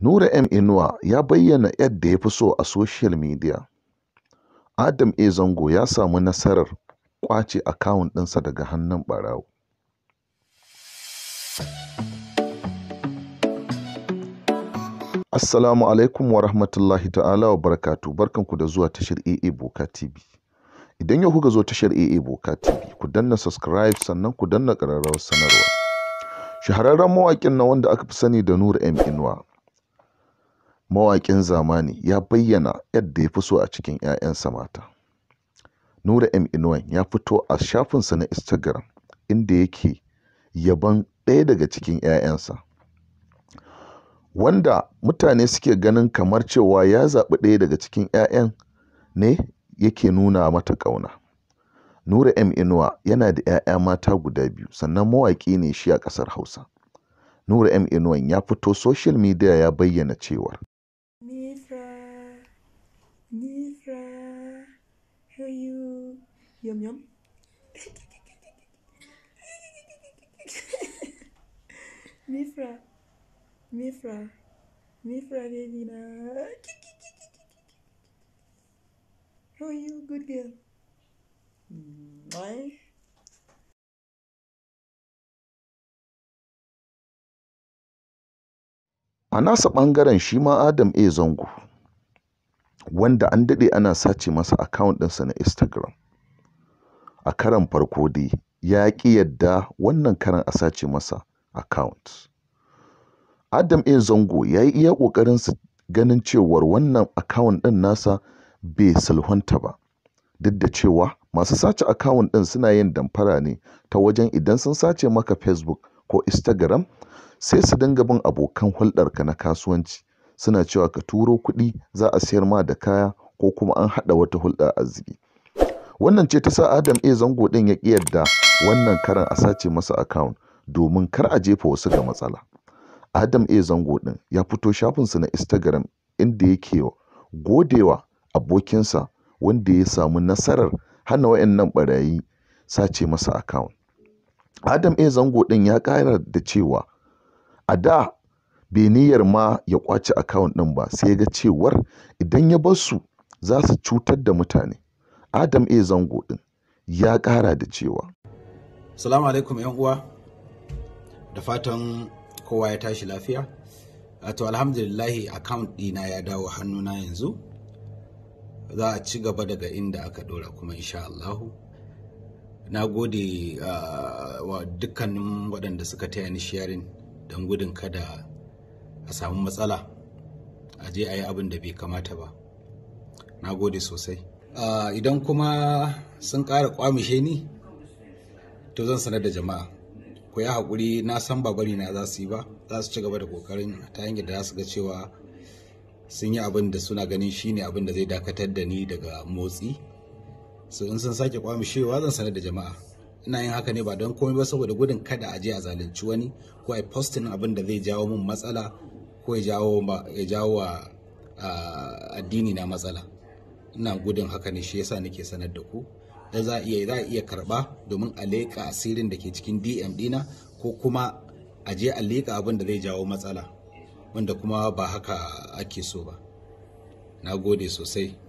Nura M Inuwa ya bayyana yadda ya fi so a soshiyal midiya. Adam A. Zango ya samu nasarar ƙwace akawun ɗinsa daga hannun ɓarawo. Assalamu alaikum wa rahmatullahi ta'ala wa barakatu barkanku da zuwa tashar AA Boka TV. Idan yau kuka zo tashar AA Boka TV, ku danna subscribe sannan ku danna ƙararrawar sanarwa. Shahararren mawaƙin na wanda aka fi sani da Nura M Inuwa Mawaƙin zamani ya bayyana yadda ya fi so a cikin 'ya'yansa mata. Nura M Inuwan ya fito a shafinsa na Instagram inda yake yabon ɗaya daga cikin 'ya'yansa, wanda mutane suke ganin kamar cewa ya zaɓi ɗaya daga cikin 'ya'yan ne yake nuna mata ƙauna. Nura M Inuwa yana da 'ya'ya mata guda biyu sannan mawaƙi ne shi a ƙasar Hausa. Nura M Inuwan ya fito social midiya ya bayyana cewar: Nifra, Nifra, how you? Yum yum. Mifra, Mifra, Mifra Nina. How are you, good girl? Bye. A nasa ɓangaren shi ma Adam A. Zango, wanda an daɗe ana sace masa akawun ɗinsa na Instagram, a karan farko dai ya ƙi yadda wannan karan a sace masa akawunt. Adam A. Zango ya yi iya ƙoƙarin ganin cewar wannan akawun ɗin nasa bai sulhunta ba, duk da cewa masu sace akawun ɗin suna yin damfara ne ta wajen idan sun sace maka Facebook ko Instagram sai su dinga bin abokan hulɗarka na kasuwanci suna cewa ka turo kuɗi za a sayar ma da kaya ko kuma an haɗa wata hulɗar arziki wannan ce ta sa adam a zango ɗin ya ƙi yadda wannan karan a sace masa akawun domin kar a jefa wasu ga matsala adam a zango ɗin ya fito shafinsa na instagram inda yake godewa abokinsa wanda ya samu nasarar hana wayannan ɓarayi sace masa akawun adam a zango ɗin ya ƙara da cewa a da bai niyyar ma ya ƙwace akawun ɗin ba sai ya ga cewar idan ya bar su za su cutar da mutane adam a zango ɗin ya ƙara da cewa salamu alaikum yan uwa da fatan kowa ya tashi lafiya to alhamdulillahi account ɗina ya dawo hannuna yanzu za a ci gaba daga inda aka ɗora kuma insha Allahu na gode ah, wa dukkanin waɗanda suka taya ni sharing don gudun kada a samu matsala a je a yi abin da bai kamata ba na gode sosai idan kuma sun ƙara kwamishe ni to zan sanar da jama'a ku yi haƙuri na san ba bari na za su yi ba za su ci gaba da ƙoƙarin ta hanyar da za su ga cewa sun yi abin da suna ganin shine abin da zai dakatar da ni daga motsi so in sun sake kwamishewa zan sanar da jama'a ina yin haka ne ba don komai ba saboda gudun kada a je a zalunci wani ko a postin abin da zai jawo min matsala ko ya jawo ya jawo addini na matsala ina gudun haka ne shi yasa nake sanar da ku da za iya za iya karba domin a leƙa asirin da ke cikin DM dina ko kuma a je a leƙa abin da zai jawo matsala wanda kuma ba haka ake so ba na gode sosai